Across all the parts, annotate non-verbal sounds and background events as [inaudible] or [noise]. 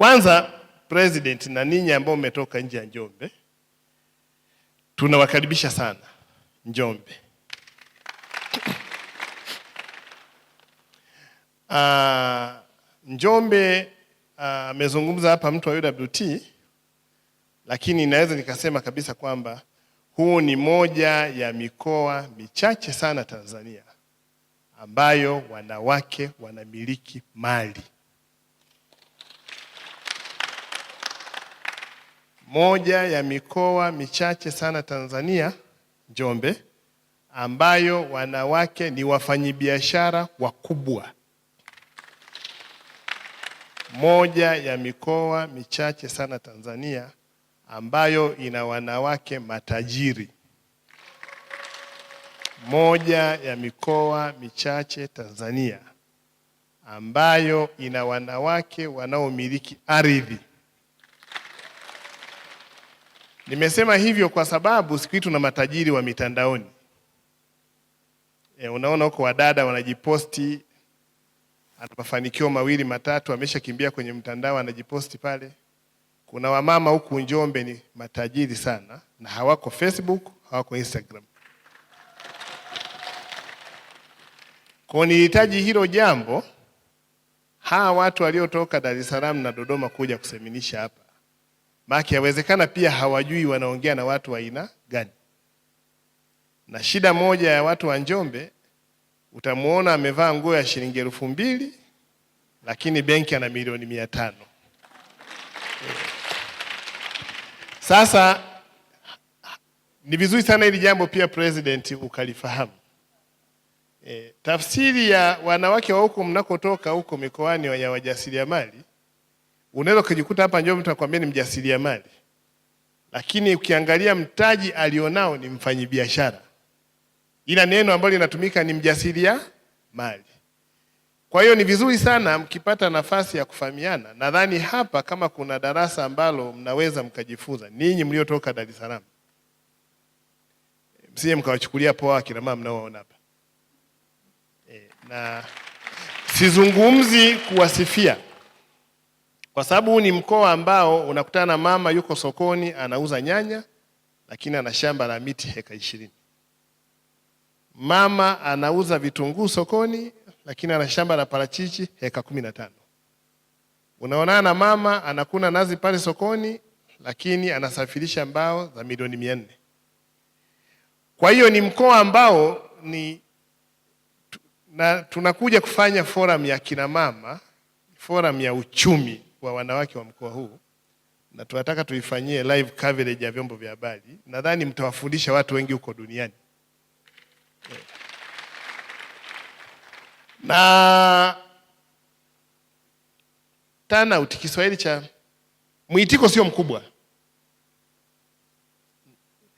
Kwanza president na ninyi ambao mmetoka nje ya Njombe tunawakaribisha sana Njombe. Uh, [coughs] Njombe ah, amezungumza uh, hapa mtu wa UWT, lakini naweza nikasema kabisa kwamba huu ni moja ya mikoa michache sana Tanzania ambayo wanawake wanamiliki mali. moja ya mikoa michache sana Tanzania, Njombe, ambayo wanawake ni wafanyibiashara wakubwa. Moja ya mikoa michache sana Tanzania ambayo ina wanawake matajiri. Moja ya mikoa michache Tanzania ambayo ina wanawake wanaomiliki ardhi Nimesema hivyo kwa sababu siku hii tuna matajiri wa mitandaoni. E, unaona huko wadada wanajiposti, ana mafanikio mawili matatu, ameshakimbia kwenye mtandao, anajiposti pale. Kuna wamama huku Njombe ni matajiri sana, na hawako Facebook, hawako Instagram. Kwa nilihitaji hilo jambo, hawa watu waliotoka Dar es Salaam na Dodoma kuja kuseminisha hapa maana yawezekana pia hawajui wanaongea na watu wa aina gani. Na shida moja ya watu wa Njombe utamwona amevaa nguo ya shilingi elfu mbili lakini benki ana milioni mia tano. Sasa ni vizuri sana hili jambo pia president ukalifahamu. E, tafsiri ya wanawake wa huko mnakotoka huko mikoani ya wajasiriamali Unaweza ukajikuta hapa Njombe mtu akwambia ni mjasiriamali, lakini ukiangalia mtaji alionao ni mfanyibiashara, ila neno ambalo linatumika ni mjasiriamali. Kwa hiyo ni vizuri sana mkipata nafasi ya kufahamiana. Nadhani hapa kama kuna darasa ambalo mnaweza mkajifunza ninyi mliotoka Dar es Salaam, msije mkawachukulia poa akina mama mnaoona hapa e, na sizungumzi kuwasifia kwa sababu huu ni mkoa ambao unakutana na mama yuko sokoni anauza nyanya, lakini ana shamba la miti heka ishirini. Mama anauza vitunguu sokoni, lakini ana shamba la parachichi heka kumi na tano. Unaonana na mama anakuna nazi pale sokoni, lakini anasafirisha mbao za milioni mia nne. Kwa hiyo ni mkoa ambao ni na tunakuja kufanya forum ya kinamama, forum ya uchumi wa wanawake wa mkoa huu na tunataka tuifanyie live coverage ya vyombo vya habari. Nadhani mtawafundisha watu wengi huko duniani yeah. Na TANAUT Kiswahili cha mwitiko sio mkubwa,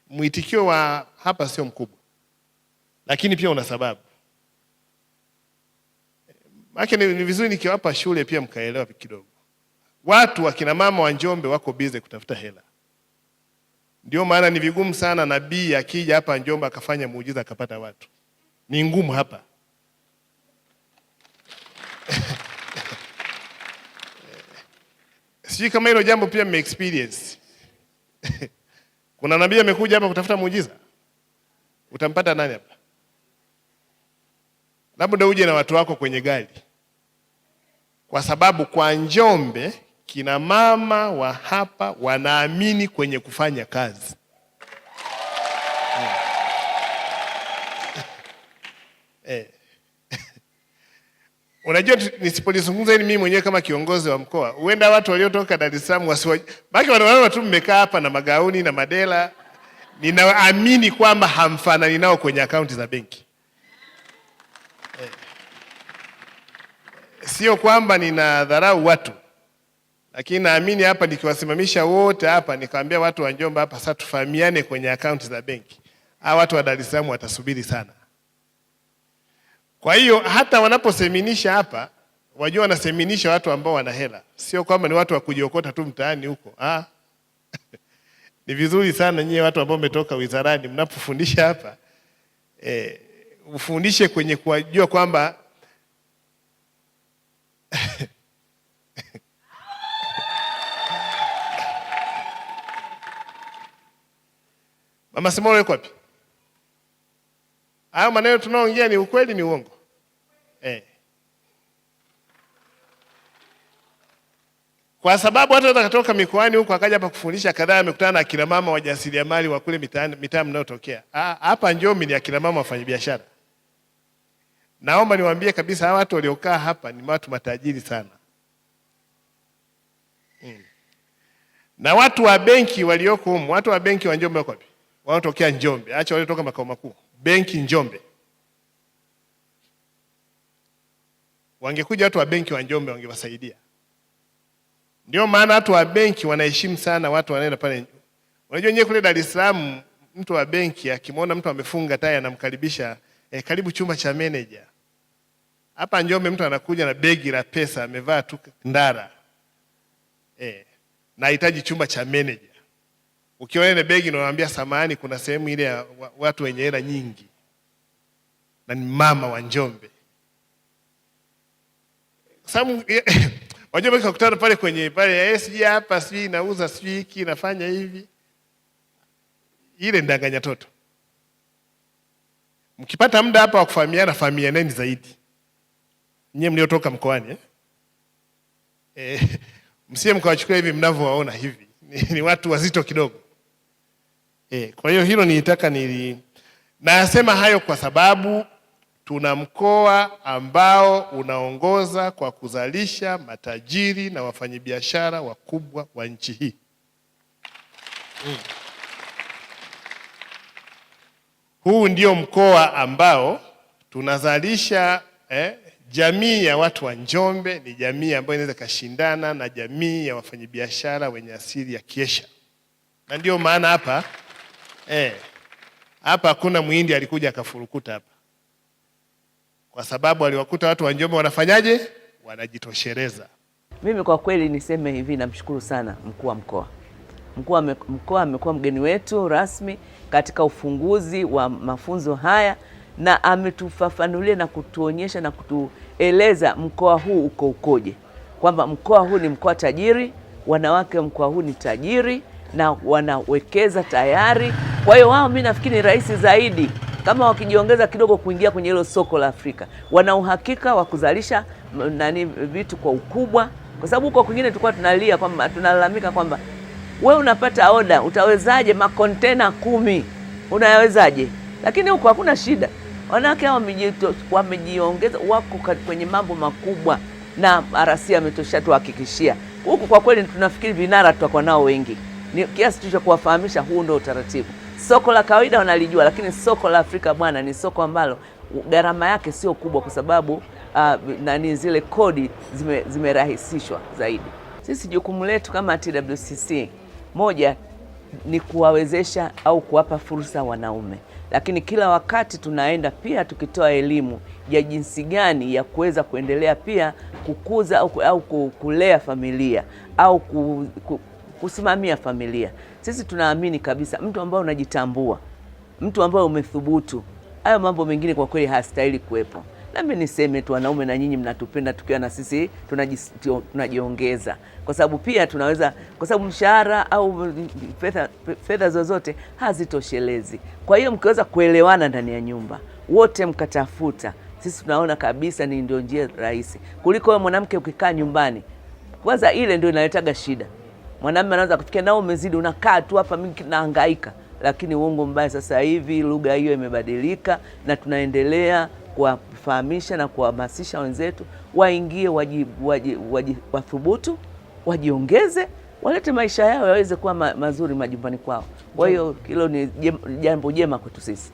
mwitikio wa hapa sio mkubwa, lakini pia una sababu maake. Ni vizuri nikiwapa shule pia mkaelewa kidogo Watu wakina mama wa Njombe wako bize kutafuta hela, ndio maana ni vigumu sana nabii akija hapa Njombe akafanya muujiza akapata watu, ni ngumu hapa [laughs] sijui kama hilo jambo pia mme experience [laughs] kuna nabii amekuja hapa kutafuta muujiza, utampata nani hapa? Labda uje na watu wako kwenye gari, kwa sababu kwa Njombe kina mama wa hapa wanaamini kwenye kufanya kazi eh. eh. [laughs] Unajua, nisipolizungumza hili mimi mwenyewe kama kiongozi wa mkoa, huenda watu waliotoka Dar es Salaam wasibaki, wanaona tu mmekaa hapa na magauni na madela. Ninaamini kwamba hamfanani nao kwenye akaunti za benki eh. Sio kwamba ninadharau watu lakini naamini hapa nikiwasimamisha wote hapa nikawaambia watu wa Njomba hapa sasa tufahamiane kwenye akaunti za benki. Hawa watu wa Dar es Salaam watasubiri sana. Kwa hiyo hata wanaposeminisha hapa wajua wanaseminisha watu ambao wana hela, sio kwamba ni watu wa kujiokota tu mtaani huko. Ah. [laughs] Ni vizuri sana nyie watu ambao mmetoka wizarani mnapofundisha hapa eh, ufundishe kwenye kuwajua kwamba [laughs] Mama Simolo yuko wapi? Hayo maneno tunaoongea ni ukweli, ni uongo eh? Kwa sababu hata atakatoka mikoani huko akaja hapa kufundisha kadhaa, amekutana na akina mama wajasiriamali wa kule mitaa mnayotokea. Ah, hapa Njombe ni akina mama wafanyabiashara. Naomba niwaambie kabisa, hawa watu waliokaa hapa ni watu matajiri sana hmm. Na watu wa benki walioko humu, watu wa benki wa Njombe wako wapi? wanaotokea Njombe, acha wale makao makuu, benki Njombe. Wangekuja watu wa benki wa Njombe wangewasaidia. Ndio maana watu wa benki wanaheshimu sana watu wanaenda pale. Unajua nyewe kule Dar es Salaam, mtu wa benki akimwona mtu amefunga tai anamkaribisha eh, karibu chumba cha meneja. Hapa Njombe mtu anakuja na begi la pesa amevaa tu ndara eh, nahitaji chumba cha meneja. Ukiona ile begi unawaambia samani, kuna sehemu ile ya watu wenye hela nyingi, na ni mama wa Njombe. Some wajombe kakutana pale kwenye pale, ya eh, SG hapa, sijui nauza, sijui hiki nafanya hivi, ile ndanganya toto. Mkipata muda hapa wa kufahamiana, fahamianeni zaidi nyie mliotoka mkoani eh? Eh, [laughs] msie mkawachukua hivi mnavyowaona hivi ni, [laughs] ni watu wazito kidogo. E, kwa hiyo hilo nilitaka nili nasema hayo kwa sababu tuna mkoa ambao unaongoza kwa kuzalisha matajiri na wafanyabiashara wakubwa wa nchi hii. Mm. Huu ndio mkoa ambao tunazalisha eh, jamii ya watu wa Njombe ni jamii ambayo inaweza ikashindana na jamii ya wafanyabiashara wenye asili ya Kiesha, na ndio maana hapa eh, hapa hakuna Muhindi alikuja akafurukuta hapa, kwa sababu aliwakuta watu wa Njombe wanafanyaje, wanajitosheleza. Mimi kwa kweli niseme hivi, namshukuru sana mkuu wa mkoa. Mkuu wa mkoa amekuwa mgeni wetu rasmi katika ufunguzi wa mafunzo haya na ametufafanulia na kutuonyesha na kutueleza mkoa huu uko ukoje, kwamba mkoa huu ni mkoa tajiri, wanawake wa mkoa huu ni tajiri na wanawekeza tayari. Kwa hiyo wao, mi nafikiri ni rahisi zaidi kama wakijiongeza kidogo kuingia kwenye hilo soko la Afrika, wana uhakika wa kuzalisha nani vitu kwa ukubwa, kwa sababu huko kwingine tulikuwa tunalia kwamba tunalalamika kwamba we unapata oda, utawezaje makontena kumi, unayawezaje? Lakini huko hakuna shida, wanawake hao wamejiongeza, wako kwenye mambo makubwa, na RC ametosha tuhakikishia. Huku kwa kweli tunafikiri vinara tutakuwa nao wengi, ni kiasi tu cha kuwafahamisha huu ndio utaratibu. Soko la kawaida wanalijua, lakini soko la Afrika bwana, ni soko ambalo gharama yake sio kubwa, kwa sababu uh, nani zile kodi zimerahisishwa zime zaidi. Sisi jukumu letu kama TWCC moja ni kuwawezesha au kuwapa fursa wanaume, lakini kila wakati tunaenda pia tukitoa elimu ya jinsi gani ya kuweza kuendelea pia kukuza au kulea familia au kusimamia familia. Sisi tunaamini kabisa mtu ambaye unajitambua, mtu ambaye umethubutu, hayo mambo mengine kwa kweli hastahili kuwepo. Nami niseme tu, wanaume na nyinyi mnatupenda tukiwa na sisi tunajiongeza, kwa sababu pia tunaweza, kwa sababu mshahara au fedha fedha zozote hazitoshelezi. Kwa hiyo mkiweza kuelewana ndani ya nyumba wote mkatafuta, sisi tunaona kabisa ni ndio njia rahisi kuliko wewe mwanamke ukikaa nyumbani. Kwanza ile ndio inaletaga shida. Mwanamume anaweza kufikia nao, umezidi, unakaa tu hapa, mimi nahangaika. Lakini uongo mbaya, sasa hivi lugha hiyo imebadilika, na tunaendelea kuwafahamisha na kuwahamasisha wenzetu waingie, waji, waji, waji, wathubutu, wajiongeze, walete maisha yao yaweze kuwa ma, mazuri majumbani kwao. Kwa hiyo hilo ni jambo jema kwetu sisi.